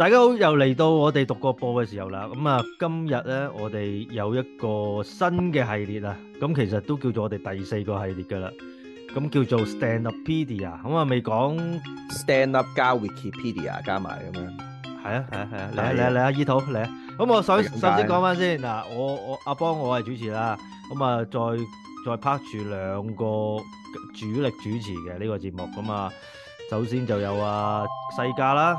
大家好，又嚟到我哋獨角播嘅時候啦，咁啊，今日咧我哋有一個新嘅系列啦，咁其實都叫做我哋第四個系列噶啦，咁叫做 Standupedia，咁啊未講 Stand Up 加 Wikipedia 加埋咁樣，係啊係啊係啊，嚟啊嚟啊依土嚟，咁我首首先講翻先，嗱我我阿邦我係主持啦，咁啊再再拍住兩個主力主持嘅呢個節目，咁啊首先就有啊世嘉啦。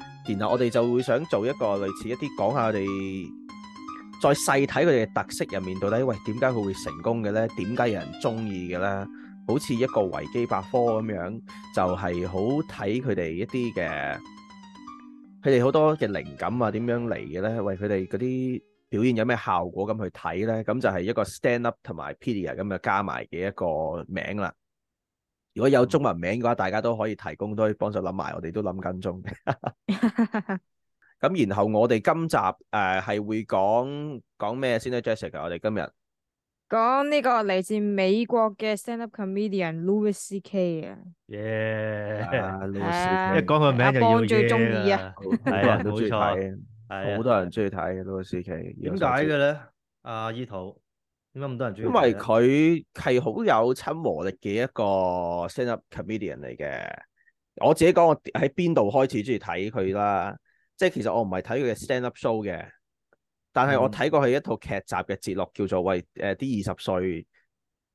然後我哋就會想做一個類似一啲講下我哋再細睇佢哋嘅特色入面，到底喂點解佢會成功嘅咧？點解有人中意嘅咧？好似一個維基百科咁樣，就係好睇佢哋一啲嘅佢哋好多嘅靈感啊，點樣嚟嘅咧？喂，佢哋嗰啲表現有咩效果咁去睇咧？咁就係一個 stand up 同埋 pedia 咁嘅加埋嘅一個名啦。如果有中文名嘅話，大家都可以提供，都可以幫手諗埋，我哋都諗緊中。咁然後我哋今集誒係會講講咩先咧，Jessica，我哋今日講呢個嚟自美國嘅 stand up comedian Louis CK 啊。耶，Louis CK 一講個名就要嘢啊，冇錯，好多人中意睇，好多人中意睇 Louis CK。點解嘅咧？阿伊桃。點解咁多人中意，因為佢係好有親和力嘅一個 stand-up comedian 嚟嘅。我自己講，我喺邊度開始中意睇佢啦，即係其實我唔係睇佢嘅 stand-up show 嘅，但係我睇過佢一套劇集嘅節錄，叫做喂，誒啲二十歲。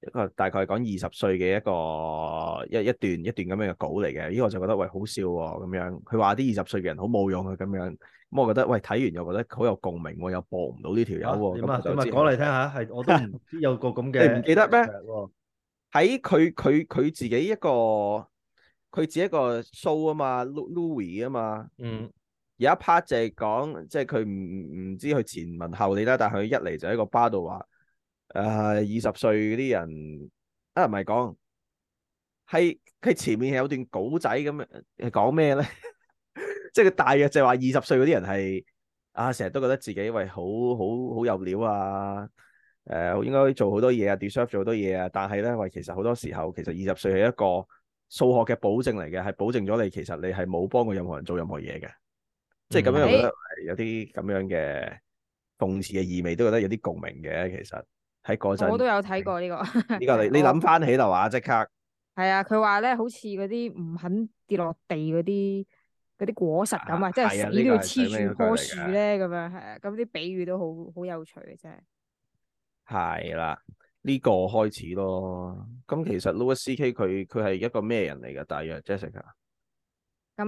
一個大概講二十歲嘅一個一一段一段咁樣嘅稿嚟嘅，呢個就覺得喂好笑喎、哦、咁樣。佢話啲二十歲嘅人好冇用啊咁樣，咁我覺得喂睇完又覺得好有共鳴、哦，又播唔到呢條友。點啊？咁啊，講嚟、啊、聽下，係 我都唔知有個咁嘅。你唔記得咩？喺佢佢佢自己一個佢自己一個 show 啊嘛，Louis 啊嘛，嘛嗯。有一 part 就係講，即係佢唔唔知佢前文後理啦，但係佢一嚟就喺個巴度話。誒，二十、uh, 歲嗰啲人啊，唔係講，係佢前面有段稿仔咁樣，係講咩咧？即係佢大約就話二十歲嗰啲人係啊，成日都覺得自己喂好好好有料啊，誒、呃，應該做好多嘢啊，deserve 做好多嘢啊，但係咧喂，其實好多時候，其實二十歲係一個數學嘅保證嚟嘅，係保證咗你其實你係冇幫過任何人做任何嘢嘅，mm hmm. 即係咁樣我覺得係有啲咁樣嘅諷刺嘅意味，都覺得有啲共鳴嘅，其實。睇陣，我都有睇過呢個。呢 個你你諗翻起就話即我刻。係啊，佢話咧好似嗰啲唔肯跌落地嗰啲啲果實咁啊，即係死都要黐住棵樹咧咁樣係啊，咁啲、啊、比喻都好好有趣嘅啫。係啦，呢、啊這個開始咯。咁其實 Louis CK 佢佢係一個咩人嚟噶？大約 Jessica、嗯。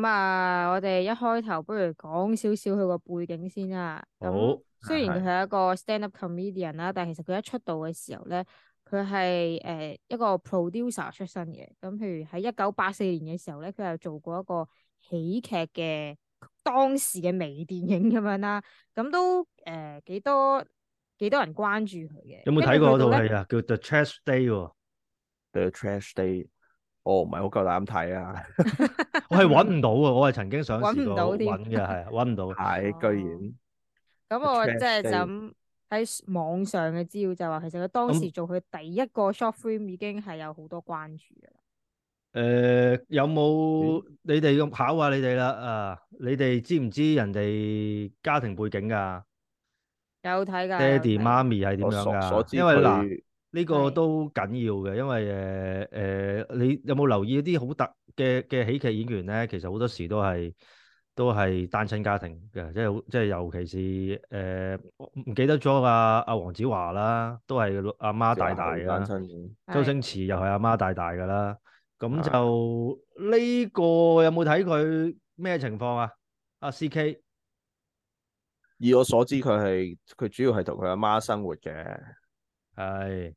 咁啊，我哋一開頭不如講少少佢個背景先啊。好。雖然佢係一個 stand-up comedian 啦，但係其實佢一出道嘅時候咧，佢係誒一個 producer 出身嘅。咁譬如喺一九八四年嘅時候咧，佢又做過一個喜劇嘅當時嘅微電影咁樣啦。咁都誒、呃、幾多幾多人關注佢嘅。有冇睇過嗰套戲啊？叫 The Trash Day 喎、哦。The Trash Day，我唔係好夠膽睇啊！ 我係揾唔到啊！我係曾經想試過揾嘅，係揾唔到。係、 哎，居然。咁我即係就喺網上嘅資料就話，其實佢當時做佢第一個 short frame、嗯、已經係有好多關注嘅啦。誒、呃，有冇你哋咁考，考下你哋啦？啊，你哋知唔知人哋家，家庭背景噶？有睇噶。爹哋媽咪係點樣噶、呃這個？因為嗱，呢個都緊要嘅，因為誒誒，你有冇留意一啲好特嘅嘅喜劇演員咧？其實好多時都係。都係單親家庭嘅。即係即係尤其是，誒，唔記得咗阿阿黃子華啦，都係阿媽大大嘅，單親。周星馳又係阿媽大大嘅啦。咁就呢個有冇睇佢咩情況啊？阿 CK，以我所知佢係佢主要係同佢阿媽生活嘅。係。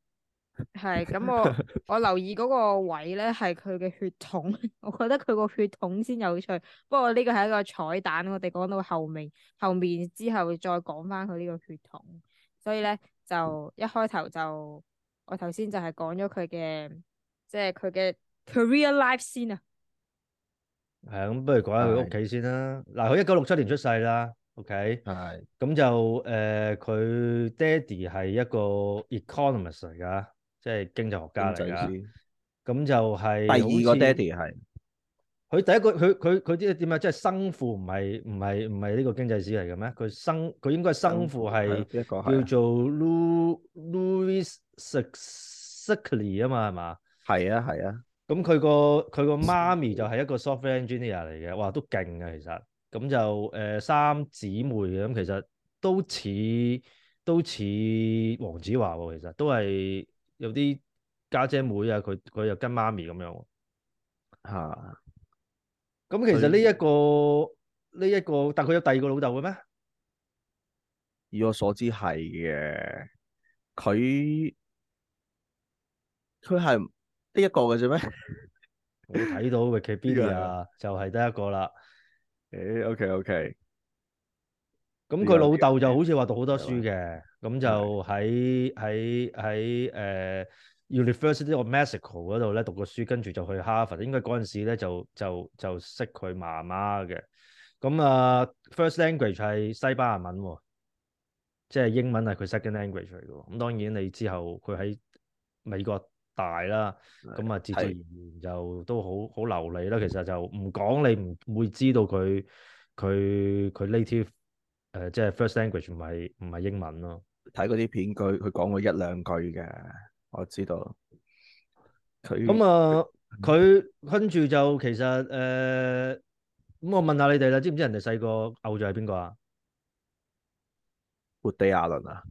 係咁， 我我留意嗰個位咧，係佢嘅血統，我覺得佢個血統先有趣。不過呢個係一個彩蛋，我哋講到後面，後面之後再講返佢呢個血統。所以咧就一開頭就我頭先就係講咗佢嘅，即係佢嘅 career life 先啊。係啊，咁不如講下佢屋企先啦。嗱是，佢一九六七年出世啦，OK，係咁是就誒，佢爹哋係一個 economist 嚟㗎。即係經濟學家嚟噶，咁就係第二個爹哋係。佢第一個佢佢佢知點啊？即係生父唔係唔係唔係呢個經濟史嚟嘅咩？佢生佢應該係生父係叫做 Louis Louis Székely 啊嘛，係嘛？係啊係啊。咁佢個佢個媽咪就係一個 software engineer 嚟嘅，哇都勁啊。其實。咁就誒、呃、三姊妹嘅，咁，其實都似都似黃子華喎，其實都係。有啲家姐、姐妹啊，佢佢又跟媽咪咁樣喎，咁、啊、其實呢、這、一個呢一他、這個，但佢有第二個老豆嘅咩？以我所知係嘅，佢佢係呢一個嘅啫咩？我睇到 Wikipedia 就係得一個啦。誒，OK OK。咁佢老豆就好似話讀好多書嘅。咁就喺喺喺誒 University of Mexico 嗰度咧讀過書，跟住就去哈佛。應該嗰陣時咧就就就識佢媽媽嘅。咁啊，uh，first language 係西班牙文喎，即係英文係佢 second language 嚟嘅。咁當然你之後佢喺美國大啦，咁啊是，自自然然是就都好好流利啦。其實就唔講你唔會知道佢佢佢 native 誒，即係，呃，first language 唔係唔係英文咯。睇嗰啲片，佢佢講過一兩句嘅，我知道。佢咁、嗯、啊，佢跟住就其實誒，咁、呃嗯、我問下你哋啦，知唔知人哋細個偶像係邊個啊？活地亞倫啊？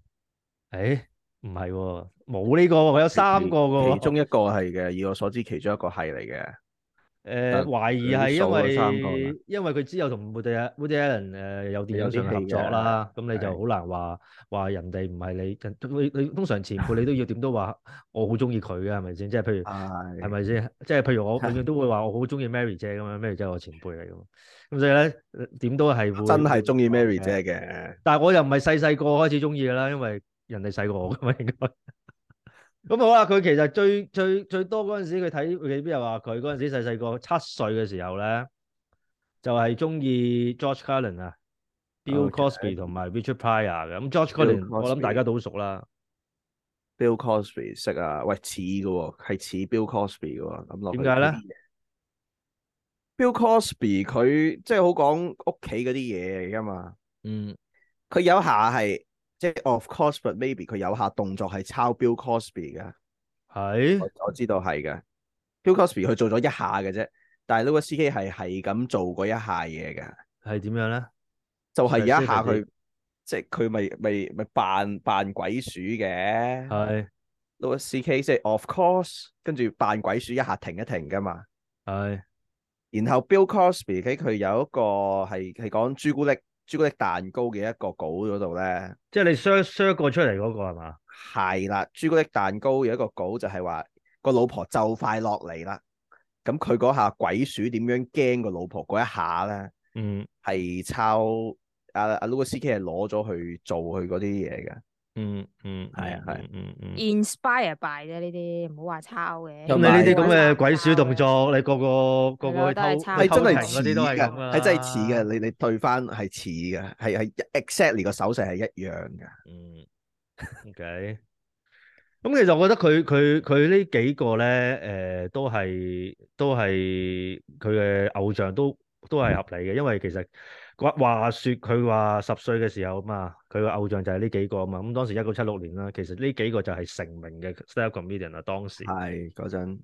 誒、欸，唔係喎，冇呢個、啊，佢有三個噶、啊，其中一個係嘅，以我所知，其中一個係嚟嘅。誒，懷、呃、疑係因為因為佢之後同 Woody Allen 誒有電影上合作啦，咁你就好難話話的人哋唔係你，你你通常前輩你都要點都話我好中意佢嘅係咪先？即係、 就是、譬如係咪先？即係的、就是、譬如我永遠 都會話我好中意 Mary 姐咁樣，Mary 姐係我前輩嚟嘅，咁所以咧點都係會真係中意 Mary 姐嘅。但係我又唔係細細個開始中意嘅啦，因為人哋細過我。 咁好啦，佢其實最最最多嗰陣時，佢睇佢邊又話佢嗰陣時細細個七歲嘅時候咧，就係中意 George Carlin 啊、Bill Cosby 同埋 Richard Pryor 嘅。咁 George Carlin，我諗大家都好熟啦。Bill Cosby 識啊，喂似噶喎，係似 Bill Cosby 噶喎。咁落點解咧？Bill Cosby 佢即係好講屋企嗰啲嘢嚟噶嘛。嗯，佢有下係。即係 of course，but maybe 佢有下動作係抄 Bill Cosby 嘅，係是我，我知道係嘅。Bill Cosby 佢做咗一下嘅啫，但係 Louis C.K 係係咁做過一下嘢嘅，係點樣咧？就係一,一下佢 即係佢咪咪咪扮扮鬼鼠嘅，係是 Louis C.K 即係 of course，跟住扮鬼鼠一下停一停噶嘛，係是。然後 Bill Cosby 佢佢有一個係係講朱古力。朱古力蛋糕嘅一個稿嗰度咧，即係你 search search 過出嚟嗰個係嘛？係啦，朱古力蛋糕有一個稿就係話個老婆就快落嚟啦，咁佢嗰下鬼鼠點樣驚個老婆嗰一下咧？嗯，係抄阿阿 Louis CK 攞咗去做佢嗰啲嘢嘅。嗯嗯係啊係、啊、嗯嗯，嗯 inspire by 啫，呢啲唔好話抄嘅。咁你呢啲咁嘅鬼小動作抄你個對個個個偷係真係似嘅，係真係似嘅你你對翻係似嘅，係係 exactly 個手勢係一樣嘅。嗯 ok 咁其實我覺得佢佢佢呢幾個咧誒、呃、都係都係佢嘅偶像都都係合理嘅，因為其實話説佢話十歲嘅時候啊嘛，佢個偶像就係呢幾個啊嘛，咁當時一九七六年啦，其實呢幾個就係成名嘅 stand-up comedian 啊，當時係嗰陣。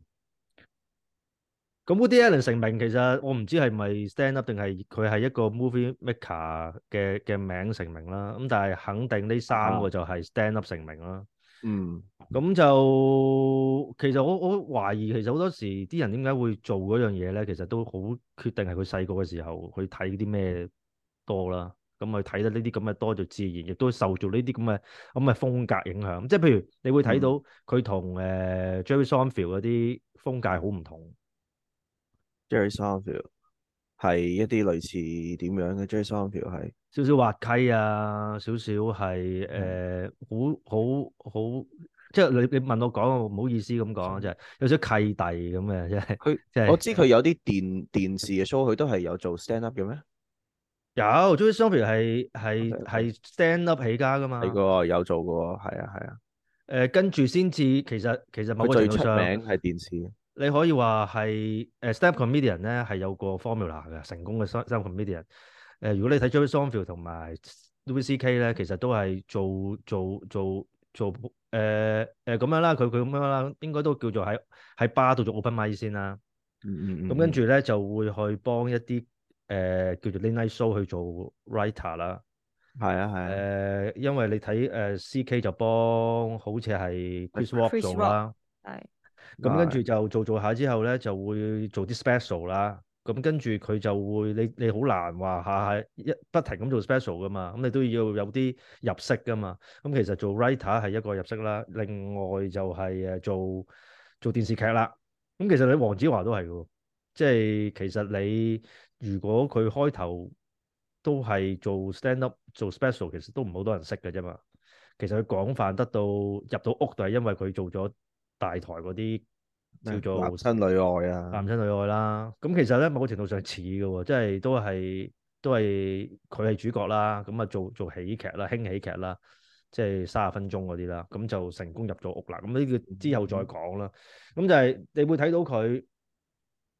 咁 Woody Allen 成名其實我唔知係咪 stand-up 定係佢係一個 movie maker 嘅嘅名成名啦，咁但係肯定呢三個就係 stand-up 成名啦。嗯，咁就其實我我懷疑其實好多時啲人點解會做嗰樣嘢咧，其實都好決定係佢細個嘅時候去睇啲咩。多啦，咁去睇得呢啲咁嘅多就自然，亦都受住呢啲咁嘅咁嘅風格影響。即係譬如你會睇到佢同誒 Jerry Seinfeld 嗰啲風格好唔同。Jerry Seinfeld 係一啲類似點樣嘅？Jerry Seinfeld 係少少滑稽啊，少少係誒好好好，即係你你問我講，唔好意思咁講，就係、是、有少契弟咁嘅，即係佢。我知佢有啲電電視嘅 show，佢都係有做 stand up 嘅咩？有，Joey Seinfeld 係係係 stand up 起家噶嘛？呢個，有做過，係啊係啊。誒、啊呃，跟住先至，其實其實冇個最出名係電視。你可以話係誒、uh, stand-up comedian 咧係有個 formula 嘅成功嘅 stand-up comedian。誒 Com、呃，如果你睇 Joey Seinfeld 同埋 Louis CK 咧，其實都係做做做做誒誒咁樣啦，佢佢咁樣啦，應該都叫做喺喺巴度做 open mic 先啦。咁跟住咧就會去幫一啲。誒、呃，叫做 Liniso 去做 writer 啦，係啊，係誒、啊呃，因為你睇誒、呃、C.K. 就幫好似係 Chris Rock 做啦，係咁、嗯、跟住就做做下之後咧，就會做啲 special 啦。咁、嗯、跟住佢就會你你好難話下下一，下一不停咁做 special 噶嘛。咁、嗯、你都要有啲入息噶嘛。咁、嗯、其實做 writer 係一個入息啦，另外就係誒做做電視劇啦。咁、嗯、其實你黃子華都係噶，即係其實你。如果佢開頭都係做 stand up 做 special，其實都唔好多人識嘅啫嘛。其實佢廣泛得到入到屋，都係因為佢做咗大台嗰啲叫做男親女愛啊，男親女愛啦。咁其實咧，某個程度上似嘅，即係都係都係佢係主角啦。咁啊做做喜劇啦，輕喜劇啦，即係三十分鐘嗰啲啦，咁就成功入咗屋啦。咁呢個之後再講啦。咁、嗯、就係你會睇到佢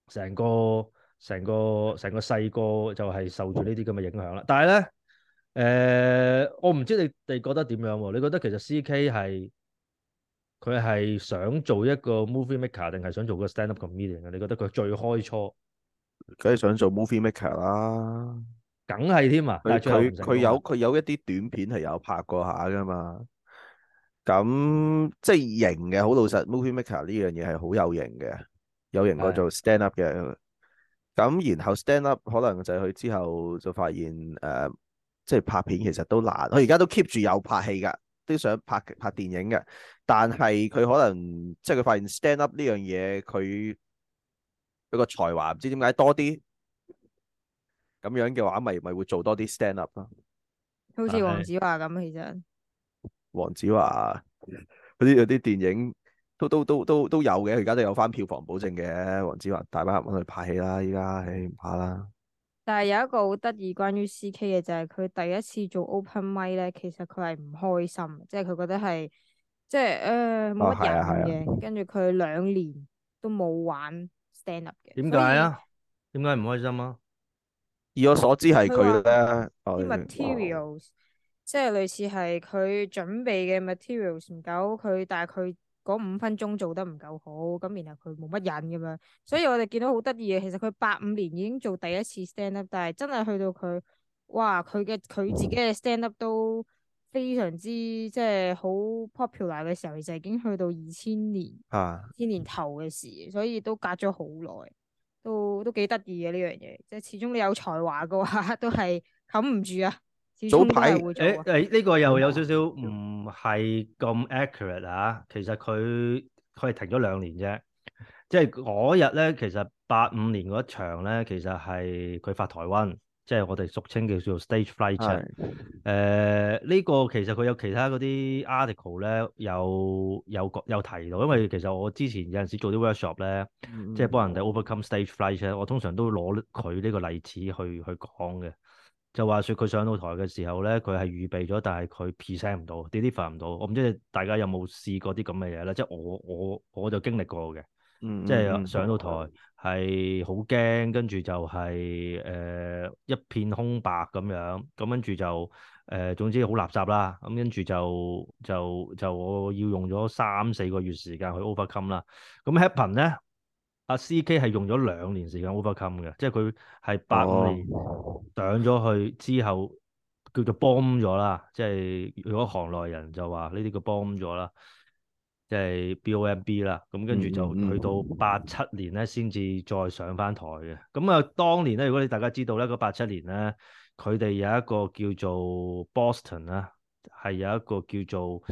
成個。成個成個細個就係受住呢啲咁嘅影響啦。哦、但係咧，誒、呃，我唔知你哋覺得點樣、啊？你覺得其實 CK 係佢係想做一個 movie maker，定係想做個 stand up comedian 啊？你覺得佢最開初梗係想做 movie maker 啦，梗係添啊！佢佢他有佢有一啲短片係有拍過下㗎嘛。咁、嗯、即係型嘅，好老實。movie maker 呢樣嘢係好有型嘅，有型過做 stand up 嘅。咁然後 stand up 可能就係佢之後就發現誒、呃，即係拍片其實都難。佢而家都 keep 住有拍戲㗎，都想拍拍電影嘅。但係佢可能即係佢發現 stand up 呢樣嘢，佢佢個才華唔知點解多啲。咁樣嘅話，咪咪會做多啲 stand up 咯。好似黃子華咁，其實黃子華啲有啲電影。都都都都都有嘅，而家都有翻票房保證嘅。黃子華大把揾佢拍戲啦，依家唉唔怕啦。但係有一個好得意關於 CK 嘅就係、是、佢第一次做 open mic 咧，其實佢係唔開心，即係佢覺得係即係誒冇乜人嘅。哦啊啊啊、跟住佢兩年都冇玩 stand up 嘅。點解啊？點解唔開心啊？以我所知係佢咧，materials 即係類似係佢準備嘅 materials 唔夠，佢但係佢。嗰五分鐘做得唔夠好，咁然後佢冇乜癮咁樣，所以我哋見到好得意嘅，其實佢八五年已經做第一次 stand up，但係真係去到佢，哇佢嘅佢自己嘅 stand up 都非常之即係好 popular 嘅時候，就已經去到二千年，啊、千年頭嘅事，所以都隔咗好耐，都都幾得意嘅呢樣嘢，即係始終你有才華嘅話，都係冚唔住啊！早排誒誒呢個又有少少唔係咁 accurate 啊，其實佢佢係停咗兩年啫，即係嗰日咧，其實八五年嗰場咧，其實係佢發台瘟，即係我哋俗稱叫做 stage fright 場是。呢、呃這個其實佢有其他嗰啲 article 咧，有有有提到，因為其實我之前有陣時做啲 workshop 咧，嗯、即係幫人哋 overcome stage fright 我通常都攞佢呢個例子去去講嘅。就話說佢上到台嘅時候咧，佢係預備咗，但係佢 present 唔到，deliver 唔到。我唔知大家有冇試過啲咁嘅嘢咧？即係我我我就經歷過嘅，嗯、即係上到台係好驚，跟住就係、是、誒、呃、一片空白咁樣，咁跟住就誒、呃、總之好垃圾啦。咁跟住就就就我要用咗三四個月時間去 overcome 啦。咁 happen 呢？阿 C.K 係用咗兩年時間 overcome 嘅，即係佢係八五年擋咗佢之後叫做 bomb 咗啦，即係如果行內人就話呢啲叫 bomb 咗啦，即係 B.O.M.B 啦，咁跟住就去到八七年咧先至再上翻台嘅。咁啊，當年咧，如果你大家知道咧，嗰八七年咧，佢哋有一個叫做 Boston 啦，係有一個叫做誒、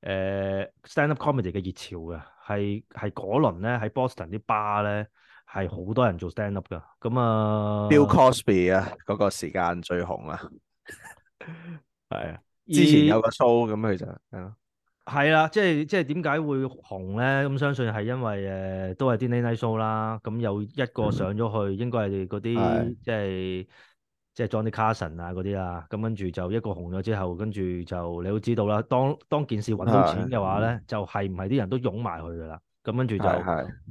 呃、stand-up comedy 嘅熱潮嘅。係係嗰輪咧，喺 Boston 啲 bar 咧係好多人做 stand up 嘅，咁啊，Bill Cosby 啊，嗰、啊嗰個時間最紅啦，係 啊，之前有個 show 咁佢就係啊，係啦、啊，即係即係點解會紅咧？咁、嗯、相信係因為誒、呃、都係 Dinner Night Show 啦，咁有一個上咗去，嗯、應該係嗰啲即係。即係裝啲卡神啊嗰啲啊，咁跟住就一個紅咗之後，跟住就你都知道啦。當當件事揾到錢嘅話咧，就係唔係啲人都擁埋佢啦？咁跟住就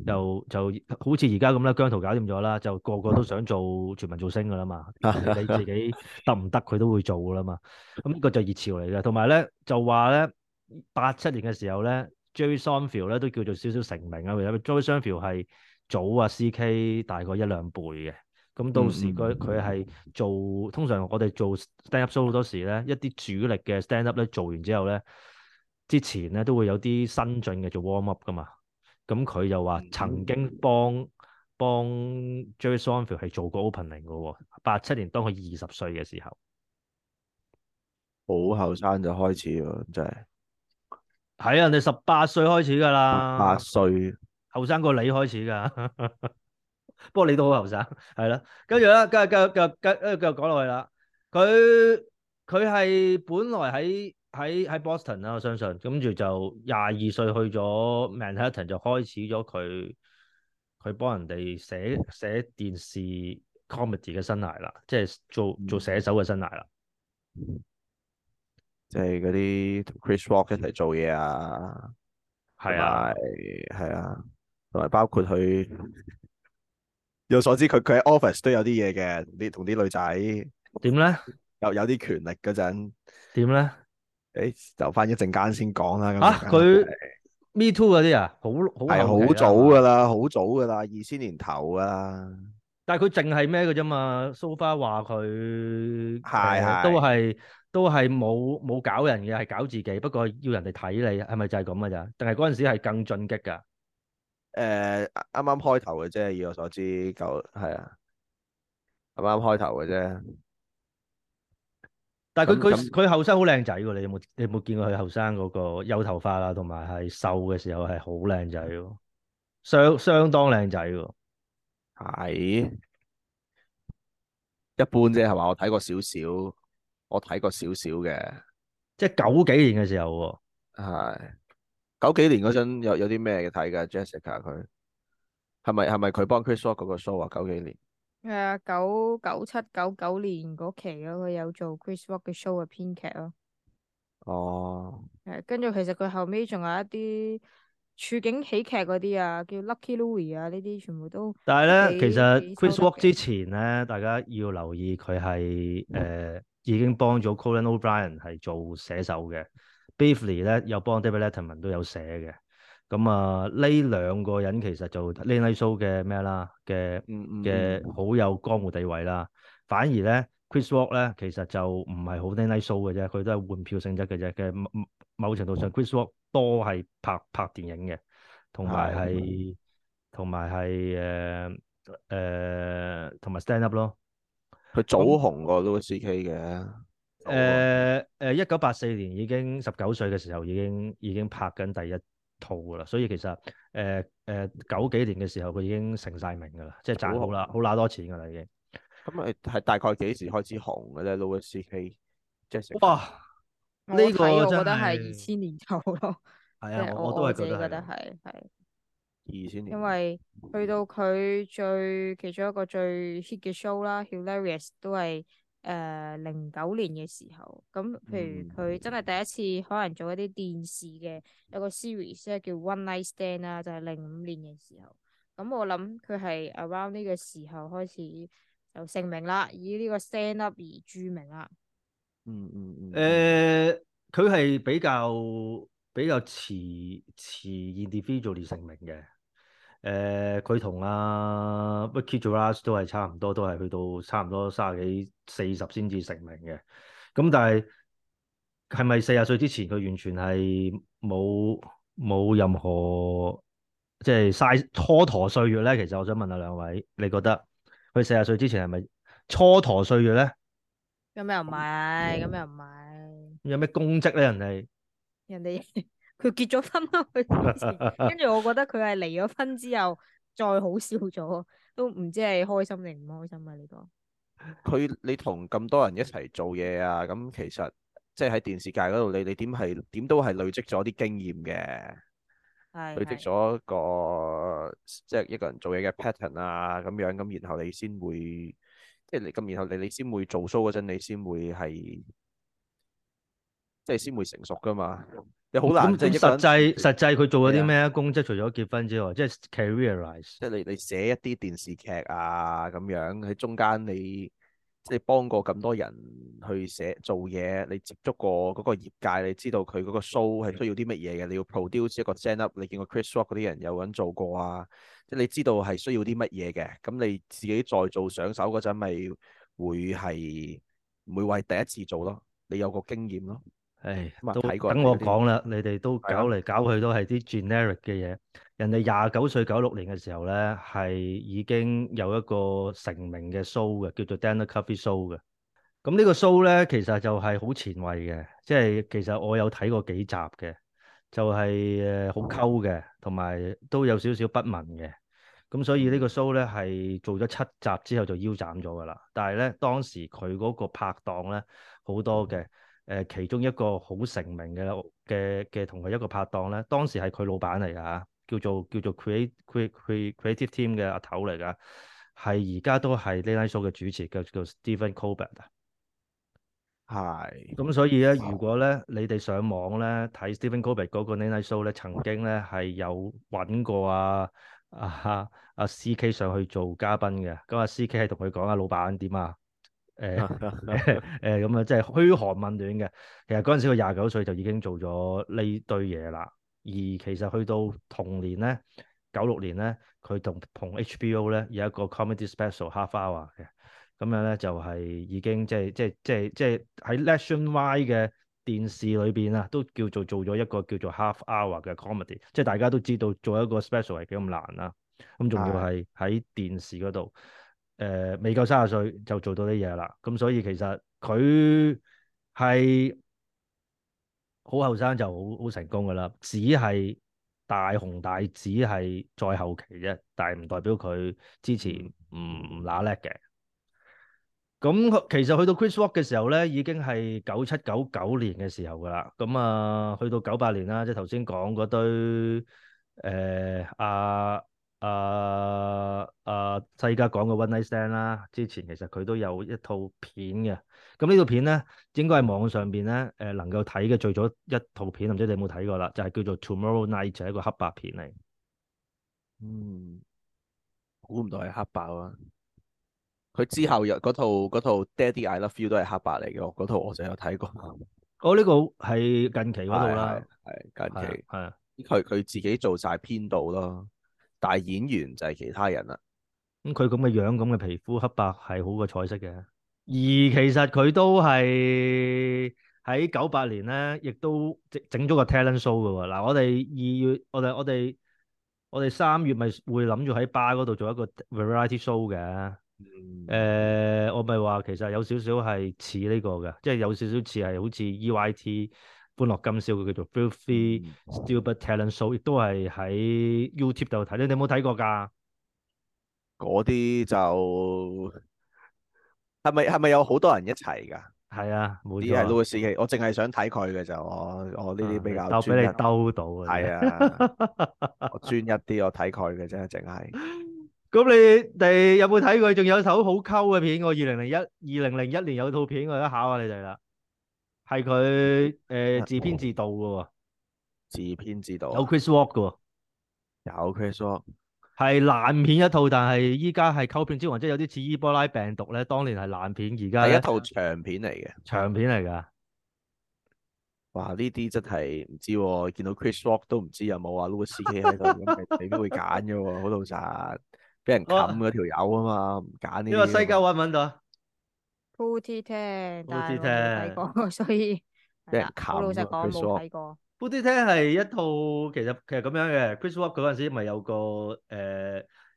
就就好似而家咁啦，姜濤搞掂咗啦，就個個都想做全民造星噶啦嘛。 你自己得唔得佢都會做噶啦嘛。咁、嗯這個就熱潮嚟嘅。同埋咧就話咧，八七年嘅時候咧，Jerry Seinfeld 咧都叫做少少成名啊。因為 Jerry Seinfeld 係早啊，CK 大個一兩倍嘅。咁到時佢佢係做，通常我哋做 stand up show 好多時咧，一啲主力嘅 stand up 咧做完之後咧，之前咧都會有啲新晉嘅做 warm up 噶嘛。咁佢就話曾經幫、嗯、幫 Jerry Seinfeld 係做過 opening 嘅喎、哦，八七年當佢二十歲嘅時候，好後生就開始喎，真係。係啊，人哋十八歲開始㗎啦。八歲。後生過你開始㗎。 不過你都好後生，係啦，跟住咧，跟住，跟住，跟，跟住，跟住講落去啦。佢佢係本來喺喺喺 Boston 啦，我相信，跟住就廿二歲去咗 Manhattan，就開始咗佢佢幫人哋寫寫電視 comedy 嘅生涯啦，即係做做寫手嘅生涯啦。即係嗰啲 Chris Rock 一齊做嘢啊，係啊，係啊，同埋包括佢。有所知，佢佢喺 office 都有啲嘢嘅，你同啲女仔。點咧？有有啲權力嗰陣。點咧？誒，留翻一陣間先講啦。嚇，佢 Me Too 嗰啲啊，好好係好早噶啦，好早噶啦，二千年頭噶啦。但係佢淨係咩嘅啫嘛？So far 話佢係係都係都係冇冇搞人嘅，係搞自己。不過要人哋睇你，係咪就係咁嘅咋？定係嗰陣時係更進擊㗎？誒，啱啱、呃、開頭嘅啫，以我所知，九係啊，啱啱開頭嘅啫。但係佢佢佢後生好靚仔嘅，你有冇你有冇見過佢後生嗰個有頭髮啦，同埋係瘦嘅時候係好靚仔，相，相當靚仔嘅。係，一般啫係嘛？我睇過少少，我睇過少少嘅，即係九幾年嘅時候。係。九幾年嗰陣有有啲咩嘅睇噶？Jessica 佢係咪係咪佢幫 Chris Rock 嗰個 show 啊？九幾年係啊，九九七九九年嗰期嗰、啊、佢有做 Chris Rock 嘅 show 嘅編劇咯。哦，係，跟住其實佢後尾仲有一啲處境喜劇嗰啲啊叫 Lucky Louie 啊呢啲全部都但係咧幾其實 Chris Rock 之前咧，大家要留意佢係誒已經幫咗 Colin O'Brien 係做寫手嘅。Bifley 咧又幫 David Letterman 都有寫嘅，咁啊呢兩個人其實就 Late Night Show 嘅咩啦嘅嘅好有江湖地位啦。反而咧 Chris Walk 咧其實就唔係好 Late Night Show 嘅啫，佢都係換票性質嘅啫。嘅某，某程度上 Chris Walk 多係拍拍電影嘅，同埋係同埋係誒誒同埋 stand up 咯。佢早紅過 Louis CK 嘅。誒誒，一九八四年已經十九歲嘅時候已，已經已經拍緊第一套噶啦，所以其實誒誒、呃呃、九幾年嘅時候，佢已經成晒名噶啦，即係賺好啦，好揦多錢噶啦、嗯、已經。咁係係大概幾時開始紅嘅咧？Louis C.K. 即係哇，呢、啊、個我，我覺得係二千年頭咯。係啊， 我都係我覺得係係。二千年。因為去到佢最其中一個最 hit 嘅 show 啦，Hilarious 都係。誒，零九、uh, 年嘅時候，咁譬如佢真係第一次可能做一啲電視嘅、mm，有個 series 咧，叫 One Night Stand 啦，就係零五年嘅時候，咁我諗佢係 around 呢個時候開始就成名啦，以呢個 stand up 而著名啦，嗯。嗯嗯嗯。誒、嗯，佢、嗯、係、 呃、比較比較遲遲以 TV 做嚟成名嘅。誒佢同阿 b a c h i r o u a 都係差唔多，都係去到差唔多三十幾四十先至成名嘅。咁、嗯、但係係咪四十歲之前佢完全係冇冇任何即係嘥蹉跎歲月咧？其實我想問下兩位，你覺得佢四十歲之前係咪蹉跎歲月咧？咁又唔係，咁又唔係。有咩、啊、功績咧？人哋人哋。 佢結咗婚咯，佢之前，跟住我覺得佢係離咗婚之後，再好笑咗，都唔知係開心定唔開心啊！呢個佢你同咁多人一齊做嘢啊，咁其實即係喺電視界嗰度，你你點係點都係累積咗啲經驗嘅，係係累積咗一個即係、即係、一個人做嘢嘅 pattern 啊，咁樣咁然後你先會即係你咁，然後你、即係、你先會做 show 陣，你先會係。即係先會成熟噶嘛，你好難、嗯、即係實際實際，佢做咗啲咩啊？工即除咗結婚之外，即係 careerize，即係你你寫一啲電視劇啊，咁樣喺中間你，即你即係幫過咁多人去寫做嘢，你接觸過嗰個業界，你知道佢嗰個 show 係需要啲乜嘢嘅？你要 produce 一個 stand up，你見過 Chris Rock 嗰啲人有搵做過啊，即係你知道係需要啲乜嘢嘅？咁你自己再做上手嗰陣咪會係唔會第一次做咯？你有個經驗咯。誒，都等我講啦，你哋都搞嚟搞去都係啲 generic 嘅嘢。人哋廿九歲九六年嘅時候咧，係已經有一個成名嘅 show 嘅，叫做 Dana Carvey Show 嘅。咁呢個 show 咧，其實就係好前衛嘅，即係其實我有睇過幾集嘅，就係誒好溝嘅，同埋都有少少不文嘅。咁所以呢個 show 咧係做咗七集之後就腰斬咗噶啦。但係咧當時佢嗰個拍檔咧好多嘅。誒，其中一個好成名嘅嘅嘅同佢一個拍檔咧，當時係佢老闆嚟㗎，叫做叫做 creative team 嘅阿頭嚟㗎，係而家都係 Late Night Show 嘅主持叫 Stephen Colbert。係，咁 Hi, 所以咧，如果咧 hi. 你哋上網咧睇 Stephen Colbert 嗰個 Late Night Show 咧，曾經咧係有揾過阿阿阿 CK 上去做嘉賓嘅。咁阿 CK 係同佢講啊，老闆點啊？誒誒咁啊，即係噓寒問暖嘅。其實嗰陣時佢廿九歲就已經做咗呢堆嘢啦。而其實去到同年咧，九六年咧，佢同同 HBO 咧有一個 comedy special half hour 嘅。咁樣咧就係、係、已經即係即係即係即係喺 nationwide 嘅電視裏邊啊，都叫做做咗一個叫做 half hour 嘅 comedy。即係大家都知道做一個 special 係幾咁難啦，啊。咁、嗯、仲要係喺電視嗰度。誒未夠三十歲就做到啲嘢啦，咁所以其實佢係好後生就好好成功噶啦，只係大紅大紫係在後期啫，但係唔代表佢之前唔拿叻嘅。咁、嗯嗯、其實去到 Chris Rock 嘅時候咧，已經係九七九九年嘅時候噶啦，咁啊去到九八年啦，即係頭先講嗰堆誒誒誒，世、uh, uh, 家講嘅 One Night Stand 啦，之前其實佢都有一套片嘅，咁呢套片咧，應該係網上邊咧誒能夠睇嘅最早一套片，唔知你有冇睇過啦？就係、是、叫做 Tomorrow Night，就係一個黑白片嚟。嗯，估唔到係黑白啊！佢之後有嗰套嗰套 Daddy I Love You 都係黑白嚟嘅，嗰套我就有睇過。哦，呢、這個係近期嗰套啦，係近期係。佢佢、啊啊、自己做晒編導咯。大演員就係其他人啦，咁佢咁嘅樣，樣、咁嘅皮膚黑白係好過彩色嘅，而其實佢都係喺九八年咧，亦都整整咗個 talent show 嘅。嗱，我哋二月，我哋我哋我哋三月咪會諗住喺巴嗰度做一個 variety show 嘅。誒、mm. 呃，我咪話其實有少少係似呢個嘅，即係有少少似係好似 EYT 歡樂今宵，佢叫做 Filthy Stupid Talent Show，亦都係喺 YouTube 度睇。你哋有冇睇過㗎？嗰啲就係咪係咪有好多人一齊㗎？係啊，冇錯。Louis CK 我淨係想睇佢嘅就我我呢啲比較，俾你兜到啊！係啊， 我專一啲，我睇佢嘅啫，淨係。咁 你哋有冇睇佢？仲有一首好溝嘅片，我二零零一、二零零一年有一套片，我而家考下你哋啦。係佢誒自編自導嘅，自編自導有 Chris Rock 嘅，有 Chris Rock 係爛片一套，但係依家係溝片之王，即係有啲似伊波拉病毒咧。當年係爛片，而家係一套長片嚟嘅，長片嚟噶、嗯。哇！呢啲真係唔知、啊，見到 Chris Rock 都唔知有冇啊 Louis CK 喺度，咁你都會揀嘅喎，好老實，俾人冚嗰條友啊嘛，唔揀呢。呢個西郊揾唔揾到？《Pootie Tang》，但係我冇睇過，所以，我老實講冇睇過。《Pootie Tang》係一套其實其實咁樣嘅，Christmas 嗰陣時咪有個誒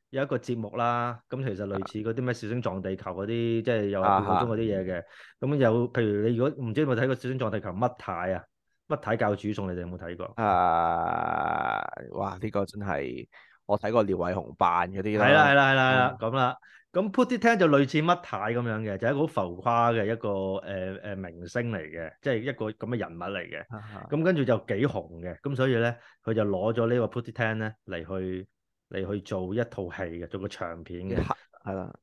有一個節目啦，咁其實類似嗰啲咩《小星撞地球》嗰啲，即係又係劇中嗰啲嘢嘅。咁又譬如你如果唔知有冇睇過《小星撞地球》，乜太啊，乜太教主頌，你哋有冇睇過？啊，哇！呢個真係我睇過廖偉雄扮嗰啲啦。係啦係啦係啦，咁啦。咁 Pootie Tang 就類似乜太咁樣嘅，就係、是、一個好浮誇嘅一個誒誒、呃呃、明星嚟嘅，即係一個咁嘅人物嚟嘅。咁、啊、跟住就幾紅嘅，咁所以咧佢就攞咗呢個 Pootie Tang 咧嚟去嚟去做一套戲嘅，做個長片嘅。係啦，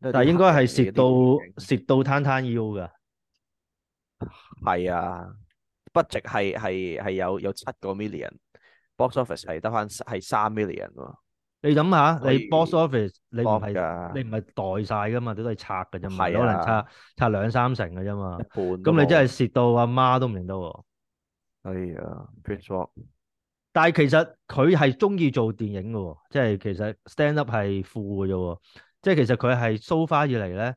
但係應該係蝕到蝕到攤攤腰㗎。係啊，budget 係係係有有七個 million box office 係得返係三 million 喎。你諗下，你 box、哎、呀 s office 你唔係、啊、你唔係代晒噶嘛？你都係拆噶啫，啊、可能拆拆兩三成噶啫嘛。一半，咁你真係蝕到阿媽都唔認得。係啊 b u t 但係其實佢係中意做電影噶、哦，即係其實 stand up 係副噶啫。即係其實佢係 so far 以嚟咧，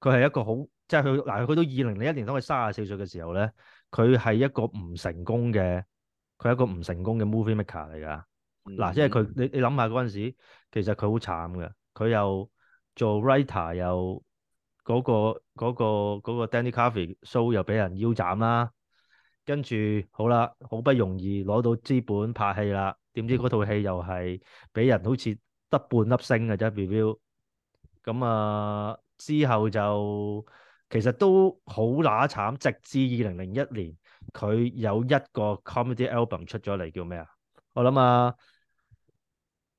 佢係一個好，即係佢嗱，佢到二零零一年當佢三十四歲嘅時候咧，佢係一個唔成功嘅，佢係一個唔成功嘅 movie maker 嚟噶。嗱、啊，即係佢，你你諗下嗰陣時，其實佢好慘嘅。佢又做 writer，又嗰個嗰個嗰個 Dandy Coffee Show 又俾人腰斬啦。跟住好啦，好不容易攞到資本拍戲啦，點知嗰套戲又係俾人好似得半粒星嘅啫。Bill，咁啊，之後就其實都好乸慘，直至二零零一年，佢有一個 comedy album 出咗嚟，叫咩啊？我諗啊～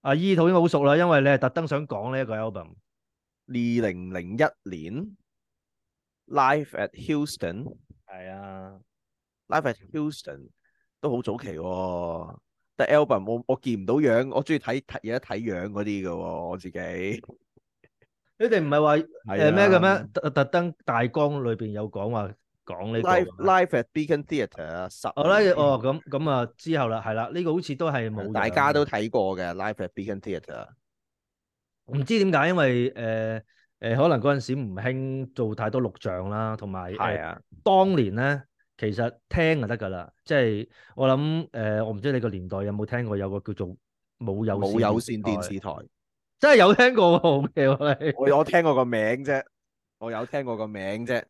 阿姨頭已經好熟啦，因為你係特登想講呢一個 album，二零零一年 live at Houston，係啊，live at Houston 都好早期、哦，但 album 我我見唔到樣，我中意睇睇而家睇樣嗰啲噶，我自己。你哋唔係話誒咩嘅咩？特特登大綱裏邊有講話。講呢、這個，live at Beacon Theatre 十，哦啦，嗯、哦咁咁啊之後啦，係啦，呢、這個好似都係冇，大家都睇過嘅，live at Beacon Theatre。唔知點解，因為誒誒、呃呃，可能嗰陣時唔興做太多錄像啦，同埋係啊、呃。當年咧，其實聽就得噶啦，即係我諗誒，我唔、呃、知你個年代有冇聽過有個叫做冇有冇有線電視台，有有視台真係有聽過嘅， 我有聽過個名啫，我有聽過個名啫。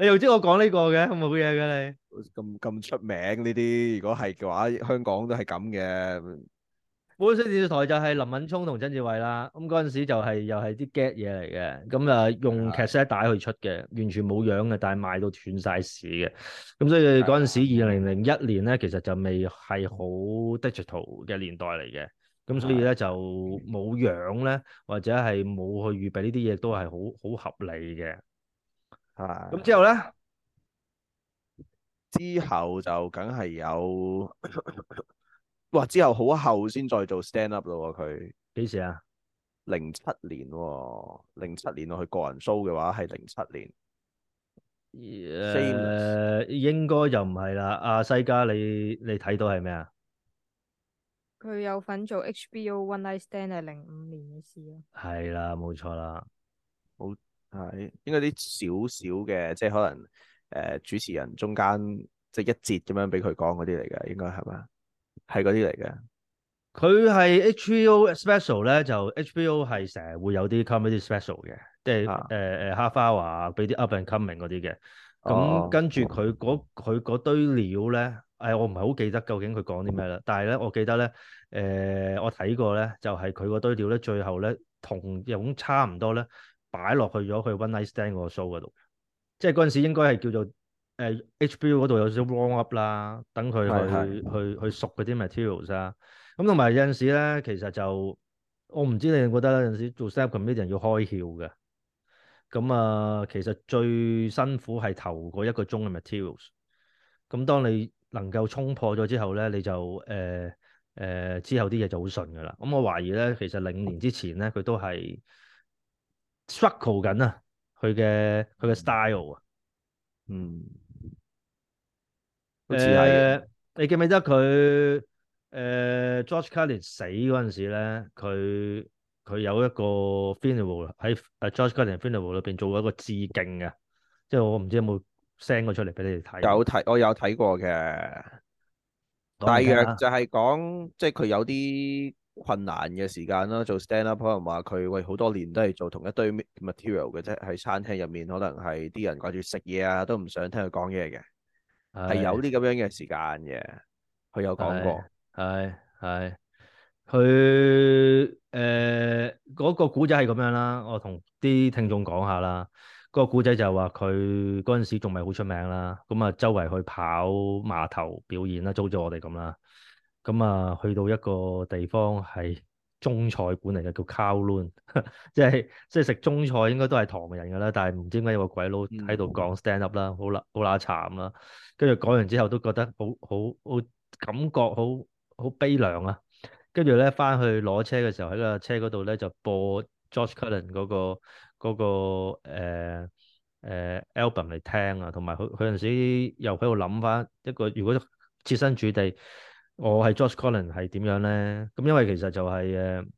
你又知我講呢個嘅，好冇嘢嘅你。咁咁出名呢啲，如果係嘅話，香港都係咁嘅。本身電視台就係林敏聰同曾志偉啦。咁嗰陣時就係又係啲 get 嘢嚟嘅，咁啊用 cassette 帶去出嘅，完全冇樣嘅，但係賣到斷曬市嘅。咁所以嗰陣時二零零一年咧，其實就未係好 digital 嘅年代嚟嘅。咁所以咧就冇樣咧，或者係冇去預備呢啲嘢，都係好好合理嘅。咁之後咧，之後就梗係有，哇！ 之後好後先再做 stand up 咯，啊，佢幾時啊？零七年，啊，零七年咯，啊，佢個人 show 嘅話係零七年。誒 Yeah, ors，應該又唔係啦，阿西加，你你睇到係咩啊？佢有份做 HBO One Night Stand 係零五年嘅事咯。係啦，啊，冇錯啦，好。係，應該啲少少嘅，即係可能誒、呃、主持人中間即係一節咁樣俾佢講嗰啲嚟嘅，應該係咪啊？係嗰啲嚟嘅。佢係 HBO special 咧，就 HBO 係成日會有啲 comedy special 嘅，即係誒誒，黑花啊，俾啲 up and coming 嗰啲嘅。咁、哦、跟住佢嗰佢堆料咧，誒、哎，我唔係好記得究竟佢講啲咩啦。但係咧，我記得咧，誒、呃，我睇過咧，就係佢嗰堆料咧，最後咧同又差唔多咧。擺落去咗去 One Night Stand 嗰個 show 嗰度嘅，即係嗰陣時應該係叫做誒、呃、HBO 嗰度有少少 warm up 啦，等佢去是是是去去，去熟嗰啲 materials 啦，咁同埋有陣時咧，其實就我唔知你哋覺得有陣時做 step comedian 要開竅嘅。咁、嗯、啊，其實最辛苦係頭嗰一個鐘嘅 materials。咁、嗯、當你能夠衝破咗之後咧，你就誒誒、呃呃、之後啲嘢就好順噶啦。咁、嗯、我懷疑咧，其實零五年之前咧，佢都係。Struggle 緊啊，佢嘅佢嘅 style 啊，嗯，呃、好似係。你記唔記得佢誒、呃、George Carlin 死嗰陣時咧，佢佢有一個 funeral 喺 George Carlin funeral 裏邊做一個致敬嘅，即係我唔知有冇 send 過出嚟俾你哋睇。有睇，我有睇過嘅，大約就係講即係佢有啲。困難嘅時間啦，做 stand up 可能話佢喂好多年都係做同一堆 material 嘅啫，喺餐廳入面可能係啲人掛住食嘢啊，都唔想聽佢講嘢嘅，係是有啲咁樣嘅時間嘅，佢有講過，係係佢誒嗰個古仔係咁樣啦，我同啲聽眾講下啦，嗰、嗰個古仔就係話佢嗰陣時仲未好出名啦，咁啊周圍去跑碼頭表演啦，租咗我哋咁啦。咁啊，去到一個地方係中菜館嚟嘅，叫 Kowloon 即係即係食中菜應該都係唐人㗎啦。但係唔知點解有個鬼佬喺度講 stand up 啦，嗯、好啦，好乸慘啦。跟住講完之後，都覺得好好好感覺好好悲涼啊。跟住咧，翻去攞車嘅時候，喺個車嗰度咧就播 George Carlin 嗰、那個嗰、那個誒誒、呃呃、album 嚟聽啊。同埋佢佢嗰陣時又喺度諗翻一個，如果設身處地。我係 George Carlin 係點樣咧？咁因為其實就係、是、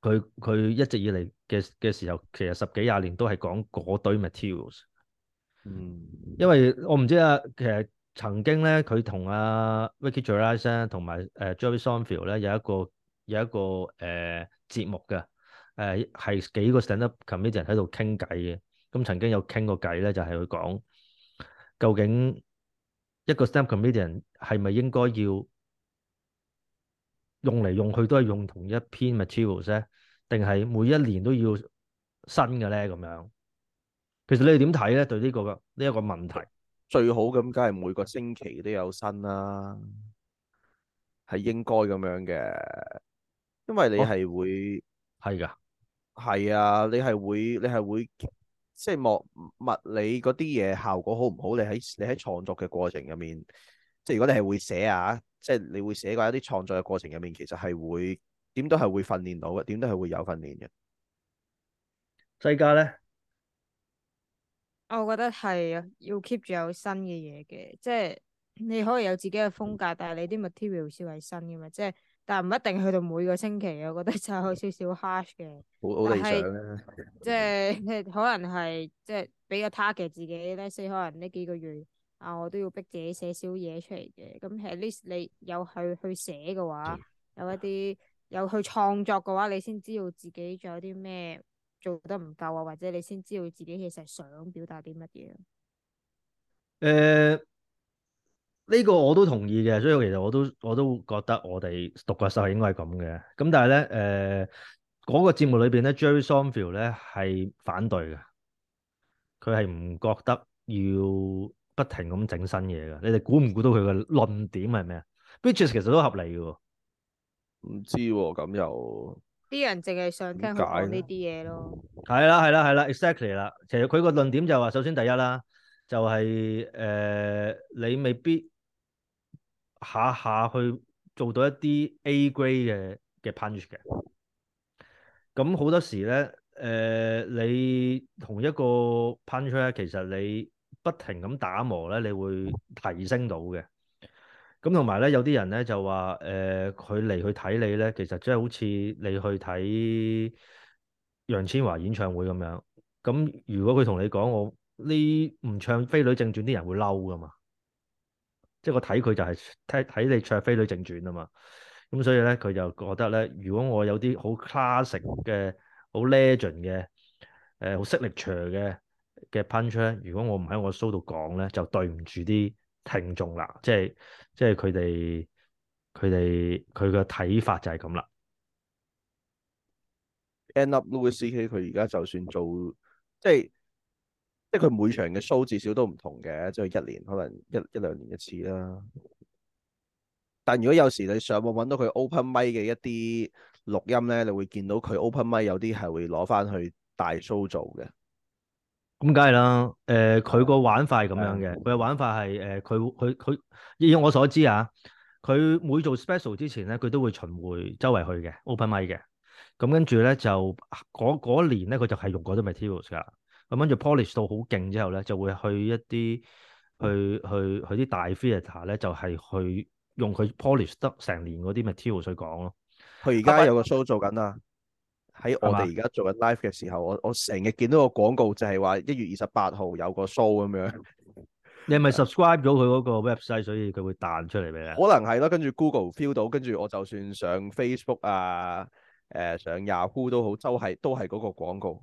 誒，佢一直以嚟嘅嘅時候，其實十幾廿年都係講嗰堆 materials。嗯，因為我唔知啊，其實曾經咧，佢同阿 Ricky Gervais 同埋誒 Jerry Seinfeld 咧有一個有一個誒節、呃、目嘅，誒、呃、係幾個 stand-up comedian 喺度傾偈嘅。咁、嗯、曾經有傾過偈咧，就係、是、佢講究竟。一個 standup comedian 人係咪應該要用嚟用去都係用同一篇 materials 咧？定係每一年都要新嘅咧？咁樣其實你哋點睇咧？對呢、這個呢一、這個問題，最好咁梗係每個星期都有新啦，係應該咁樣嘅，因為你係會係噶，係、哦、啊，你係會你係會。即係莫物理嗰啲嘢效果好唔好？你喺你喺創作嘅過程入面，即係如果你係會寫啊，即係你會寫過一啲創作嘅過程入面，其實係會點都係會訓練到嘅，點都係會有訓練嘅。西嘉咧，我覺得係要 keep 住有新嘅嘢嘅，即係你可以有自己嘅風格，但係你啲 material 先係新嘅嘛，即係。但唔一定去到每個星期，我覺得就有少少，少 hard 嘅。好理想是 即係可能係即係俾個 target 自己咧，即可能呢幾個月啊、哦，我都要逼自己寫少嘢出嚟嘅。咁至少呢，你有去去寫嘅話，嗯、有一啲有去創作嘅話，你先知道自己仲有啲咩做得唔夠啊，或者你先知道自己其實想表達啲乜嘢。誒、呃。呢個我都同意嘅，所以其實我都我都覺得我哋讀教授係應該係咁嘅。咁但係咧，誒、呃、嗰、那個節目裏邊咧，Jerry Seinfeld 咧係反對嘅，佢係唔覺得要不停咁整新嘢嘅。你哋估唔估到佢嘅論點係咩啊？Bridges 其實都合理嘅喎，唔知喎、啊，咁又啲人淨係想聽解呢啲嘢咯？係啦係啦係啦，exactly 啦。其實佢個論點就話、是，首先第一啦，就係、是、誒、呃、你未必。下下去做到一啲 A grade 嘅嘅 punch 嘅，咁好多時咧，誒、呃、你同一個 punch 咧，其實你不停咁打磨咧，你會提升到嘅。咁同埋咧，有啲人咧就話誒，佢、呃、嚟去睇你咧，其實即係好似你去睇楊千嬅演唱會咁樣。咁如果佢同你講我呢唔唱《飛女正傳》啲人會嬲㗎嘛？即係我睇佢就係睇睇你卓飛女正傳啊嘛？咁所以咧佢就覺得咧，如果我有啲好 classic 嘅、好 legend 嘅、誒好 signature 嘅嘅 punch 咧，如果我唔喺我 show 度講咧，就對唔住啲聽眾啦，即係即係佢哋佢哋佢嘅睇法就係咁啦。End up Louis C K 佢而家就算做即係。即係佢每場嘅 show 至少都唔同嘅，即係一年可能一一兩年一次啦。但如果有時你上網揾到佢 open mic 嘅一啲錄音咧，你會見到佢 open mic 有啲係會攞翻去大 show 做嘅。咁梗係啦，誒佢個玩法係咁樣嘅。佢嘅、嗯、玩法係誒佢佢佢以我所知啊，佢每做 special 之前咧，佢都會巡迴周圍去嘅 open mic 嘅。咁跟住咧就嗰年咧，佢就係用嗰啲 materials 㗎。咁跟住 polish 到好勁之後咧，就會去一啲去去去啲大 filter 咧，就係去用佢 polish 得成年嗰啲 material 去講咯。佢而家有個 show 做緊啊，喺吧我哋而家做緊 live 嘅時候，我我成日見到個廣告就係話一月二十八號有個 show 咁樣。 你係咪 subscribe 咗佢嗰 是個 website，所以佢會彈出嚟畀你？可能係咯，跟住 Google feel 到，跟住我就算上 Facebook 啊，誒、呃、上 Yahoo 都好，都係都係嗰個廣告。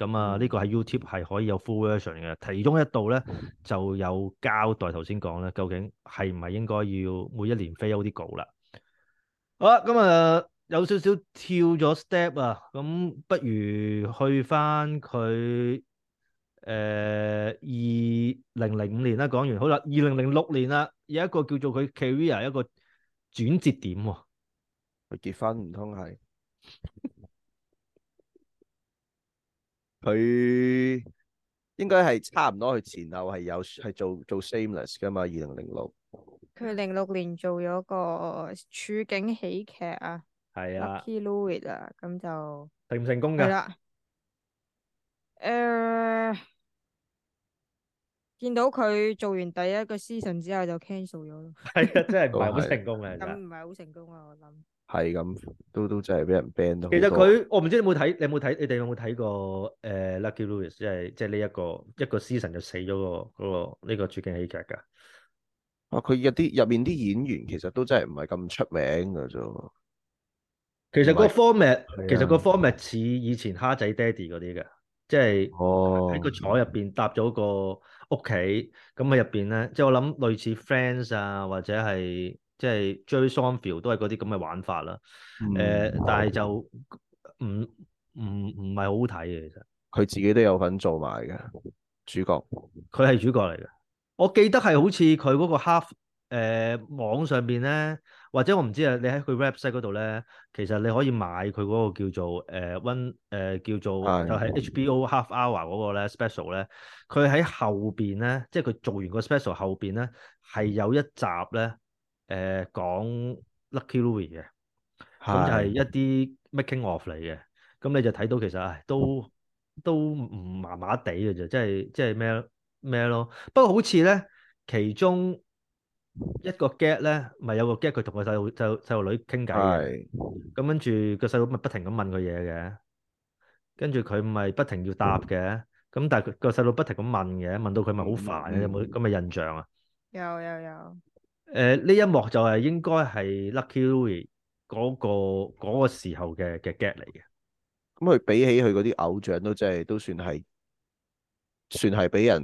咁啊，呢、嗯、個喺 YouTube 係可以有 full version 嘅，其中一度咧就有交代頭先講咧，究竟係唔係應該要每一年飛咗啲稿啦？好啦，咁、嗯、啊有少少跳咗 step 啊，咁不如去翻佢誒二零零五年啦，講完好啦，二零零六年啦，有一個叫做佢 career 一個轉節點喎、哦，佢結婚唔通係？ 佢應該係差唔多，佢前後係有係做做 sameless 噶嘛。二零零六，佢零六年做咗個處境喜劇啊，係啊，Lucky Louie 啊，咁、啊啊、就成唔成功噶？係啦、啊，誒，見到佢做完第一個 season 之後就 cancel 咗咯。係啊，真係唔係好成功嘅，真唔係好成功啊，我諗。係咁，都都真係俾人 ban 咗。其實佢，我唔知你有冇睇，你有冇睇，你哋有冇睇過誒、呃、Lucky Louis，即係即係呢、這個、一個一個 season 就死咗、那個嗰呢、那個處境喜劇㗎。啊，佢入啲入面啲演員其實都真係唔係咁出名㗎啫。其實個 format 是其實個 format 似的 form 以前蝦仔爹哋嗰啲嘅，即係喺、哦、個廠入邊搭咗個屋企，咁喺入邊咧，即係我諗類似 Friends 啊，或者係。即係 Jerry Seinfeld 都係嗰啲咁嘅玩法啦，誒、嗯，呃、但係就唔唔唔係好好睇嘅其實。佢自己都有份做埋嘅主角。佢係主角嚟嘅。我記得係好似佢嗰個 Half 誒、呃、網上邊咧，或者我唔知啊，你喺佢 website 嗰度咧，其實你可以買佢嗰個叫做誒 One 誒叫做就係 HBO Half Hour 嗰個咧 Special 咧。佢喺後邊咧，即係佢做完個 Special 後邊咧，係有一集咧。誒講 Lucky Louie 嘅，咁就係一啲 making of 嚟嘅，咁你就睇到其實誒都都唔麻麻地嘅啫，即係即係咩咩咯？不過好似咧，其中一個 get 咧，咪有個 get 佢同個細細細路女傾偈，咁跟住個細路咪不停咁問佢嘢嘅，跟住佢咪不停要答嘅，咁但係個細路不停咁問嘅，問到佢咪好煩嘅，有冇咁嘅印象啊？有有有。誒，呢、呃、一幕就係應該係 Lucky Louie 嗰、那個嗰、那個時候嘅嘅 gag 嚟嘅。咁佢比起佢嗰啲偶像都真係都算係算係俾人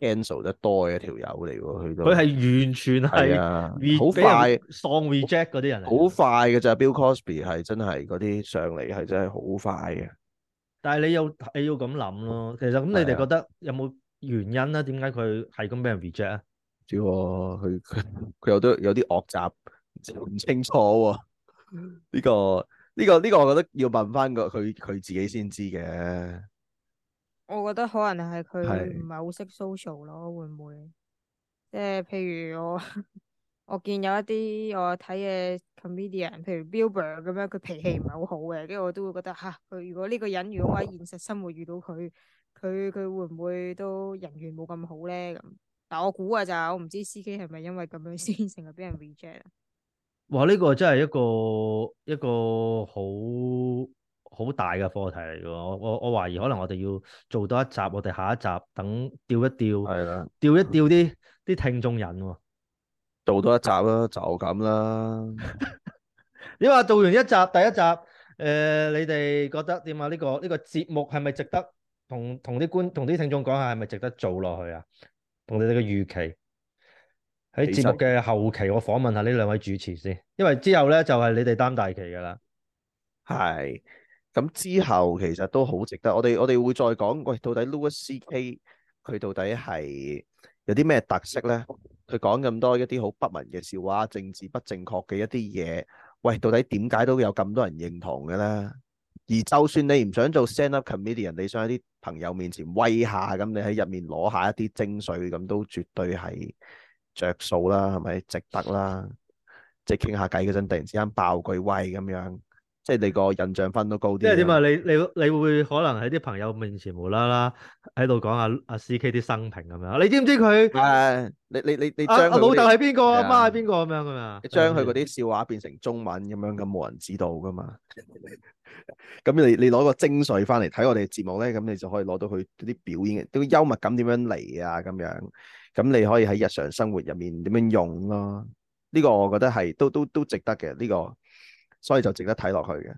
cancel 得多嘅一條友嚟喎，佢都係完全係好、啊、快 song reject 嗰啲人嚟。好快嘅就 Bill Cosby 係真係嗰啲上嚟係真係好快嘅。但係你又你要咁諗咯，其實咁你哋覺得有冇原因咧？點解佢係咁俾人 reject 啊？主要佢佢有都有啲惡習，唔清楚呢個呢個呢個，這個這個、我覺得要問翻個佢佢自己先知嘅。我覺得可能係佢唔係好識 social 咯，是會唔會？即、就、係、是、譬如我 我見有一啲我睇嘅 comedian，譬如 Bill Burr 咁樣，佢脾氣唔係好好嘅，跟住我都會覺得吓佢、啊。如果呢個人如果我喺現實生活遇到佢，佢佢會唔會都人緣冇咁好咧？咁。但我估啊，咋我唔知 CK 係咪因為咁樣先成日俾人 reject 啊？哇！呢、這個真係一個一個好好大嘅課題嚟嘅。我我我懷疑可能我哋要做多一集，我哋下一集等吊一吊，係啦，吊一吊啲啲聽眾人。多做多一集啦，就咁啦。 你話做完一集，第一集，誒、呃，你哋覺得點啊？呢、這個呢、這個節目係咪值得同同啲觀同啲聽眾講下係咪值得做落去啊？同你哋嘅預期喺節目嘅後期，其實我訪問下呢兩位主持先，因為之後咧就係、是、你哋擔大旗噶啦。係咁之後，其實都好值得。我哋我哋會再講，喂，到底 Louis CK 佢到底係有啲咩特色咧？佢講咁多一啲好不文嘅笑話、政治不正確嘅一啲嘢，喂，到底點解都有咁多人認同嘅咧？而就算你唔想做 stand up comedian，你想喺啲朋友面前威下，咁你喺入面攞下一啲精髓，咁都絕對係着數啦，係咪值得啦？即係傾下偈陣，突然之間爆句威咁樣。即係你個印象分都高啲。即係點啊？你你你會可能喺啲朋友面前無啦啦喺度講下阿 C K 啲生平咁樣。你知唔知佢？誒，你你你你將老豆係邊個，阿媽係邊個咁樣噶嘛？你將佢嗰啲笑話變成中文咁樣，咁冇人知道噶嘛。咁 你你攞個精髓翻嚟睇我哋嘅節目咧，咁你就可以攞到佢啲表演嘅，啲幽默感點樣嚟啊？咁樣咁你可以喺日常生活入面點樣用咯？呢、這個我覺得係都都都值得嘅呢、這個。所以就值得睇落去嘅。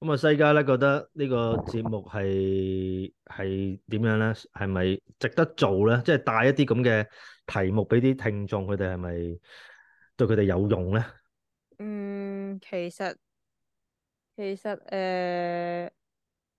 咁啊、嗯，世界咧覺得個呢個節目係係點樣咧？係咪值得做咧？即係帶一啲咁嘅題目俾啲聽眾，佢哋係咪對佢哋有用咧？嗯，其實其實誒、呃，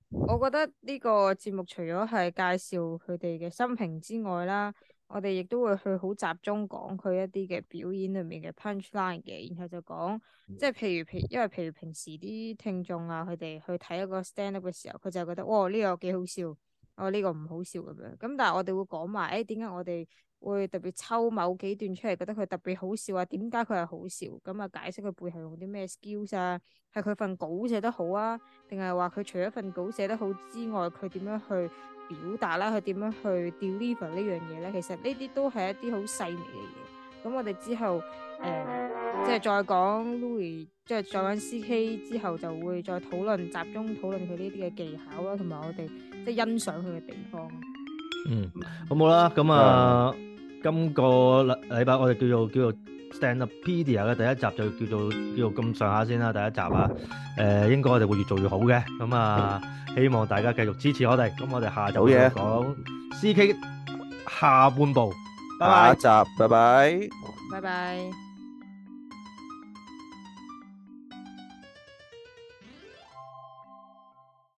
我覺得呢個節目除咗係介紹佢哋嘅生平之外啦。我哋亦都會去好集中講佢一啲嘅表演裏面嘅 punchline 嘅，然後就講，即係譬如平，因為譬如平時啲聽眾啊，佢哋去睇一個 stand up 嘅時候，佢就覺得哇，哦呢個幾好笑，哦呢個唔好笑咁樣。咁但係我哋會講埋，誒點解我哋會特別抽某幾段出嚟，覺得佢特別好笑啊？點解佢係好笑？咁啊解釋佢背後用啲咩 skills 啊，係佢份稿寫得好啊，定係話佢除咗份稿寫得好之外，佢點樣去表達啦，佢點樣去 deliver 呢樣嘢咧？其實呢啲都係一啲好細微嘅嘢。咁我哋之後誒，即係再講 Louis，即係再講 C.K. 之後，就會再討論集中討論佢呢啲嘅技巧啦，同埋我哋即係欣賞佢嘅地方。嗯，好唔好啦。咁啊，今個禮禮拜我哋叫做叫做。Standupedia 嘅第一集就叫做叫做咁上下先啦，第一集啊，誒、呃、應該我哋會越做越好嘅，咁啊希望大家繼續支持我哋，咁我哋下晝再講 CK 下半部，的 bye bye 下一集拜拜，拜拜。Bye bye